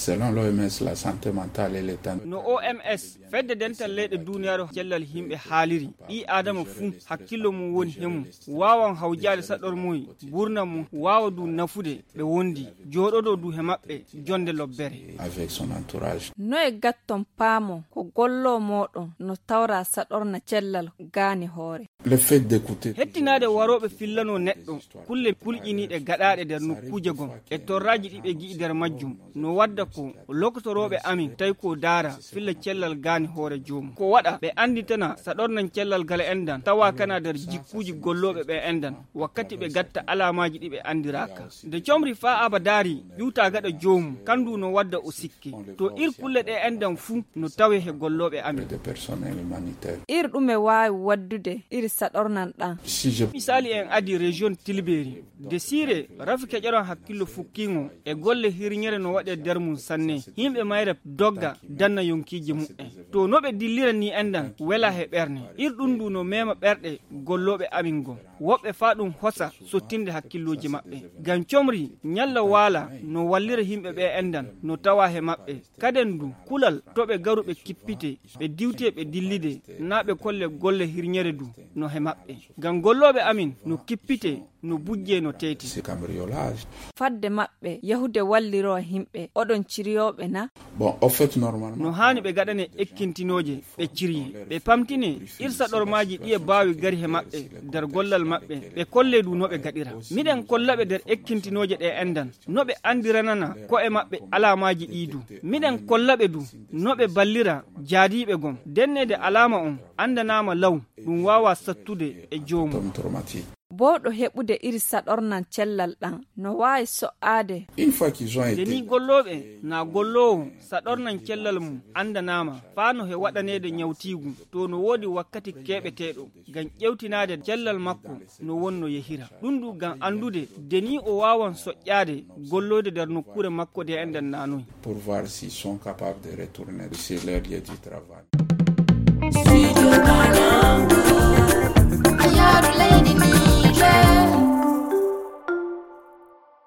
Selon l'OMS, la santé mentale est l'état. fedde dental leyɗe duniyaaru cellal himɓe haaliri ɗi adama fuu hakkillo mum woni hemum wawan hawjaade saɗɗor muyi gurna mum wawa du nafude ɓe wondi joɗoɗo du he maɓɓe jonde lobbere no e gatton paamo ko gollo moɗon no tawra saɗorna cellal gaani hoore hettinaade warooɓe fillano neɗɗo kulle pulƴiniiɗe gaɗaaɗe nder nokkuuje gon e torraaji ɗiɓe gi'i nder majjum no wadda ko lokotorooɓe amin tawi ko daara filla cellal gaani wani hoore joomum ko waɗa ɓe andi tana sa ɗornan cellal gala endan tawa kana nder jikkuji golloɓe ɓe endan wakkati ɓe gatta alamaji ɗi ɓe andiraka nde comri fa aba daari wiwta gaɗa joomum kandu no wadda o sikki to irkulle ɗe endan fuu no tawe he golloɓe amin iri ɗum e wawi waddude iri sa ɗornan ɗan misali en adi région tilbéri nde siire rafi keƴeron hakkillo fukkingo e golle hirñere no waɗe nder mum sanne yimɓe mayre dogga danna yonkiji mumɓen to no ɓe dilliran ni andan wela he ɓerde irɗum ndu no mema ɓerɗe golloɓe amin go woɓɓe fa ɗum hosa sottinde hakkilloji maɓɓe gam comri ñalla waala no wallira himɓe ɓe andan no tawa he maɓɓe kaden du kulal toɓe garuɓe kippite ɓe diwte ɓe dillide na ɓe kolle golle hirñere du no he maɓɓe gam golloɓe amin no kippite no bujje no teti fadde maɓɓe yahude walliro himɓe oɗon ciriyoɓe na bon au fait normalement no hani ɓe gaɗane ekkintinoje ɓe ciriyi ɓe pamtini irsa ɗormaji ɗiye bawi gari he maɓɓe nder gollal maɓɓe ɓe kolle du noɓe gaɗira miɗen kollaɓe nder ekkintinoje ɗe endan noɓe andiranana ko e maɓɓe alamaji ɗi du miɗen kollaɓe du noɓe ballira jaadiɓe gom dennede alama on andanama law ɗum wawa sattude e jomu bo ɗo heɓude iri saɗornan cellal ɗan no wawi so'aade deni gollooɓe na golloowo saɗornan cellal mum andanama faa no he waɗaneede ñawtiigu to no woodi wakkati keɓeteeɗo ngam ƴewtinaade cellal makko no won no yehira ɗum ɗu ngam anndude deni o waawan soƴƴaade golloode nder nokkure makko de enɗen nanoyi sudio ma langue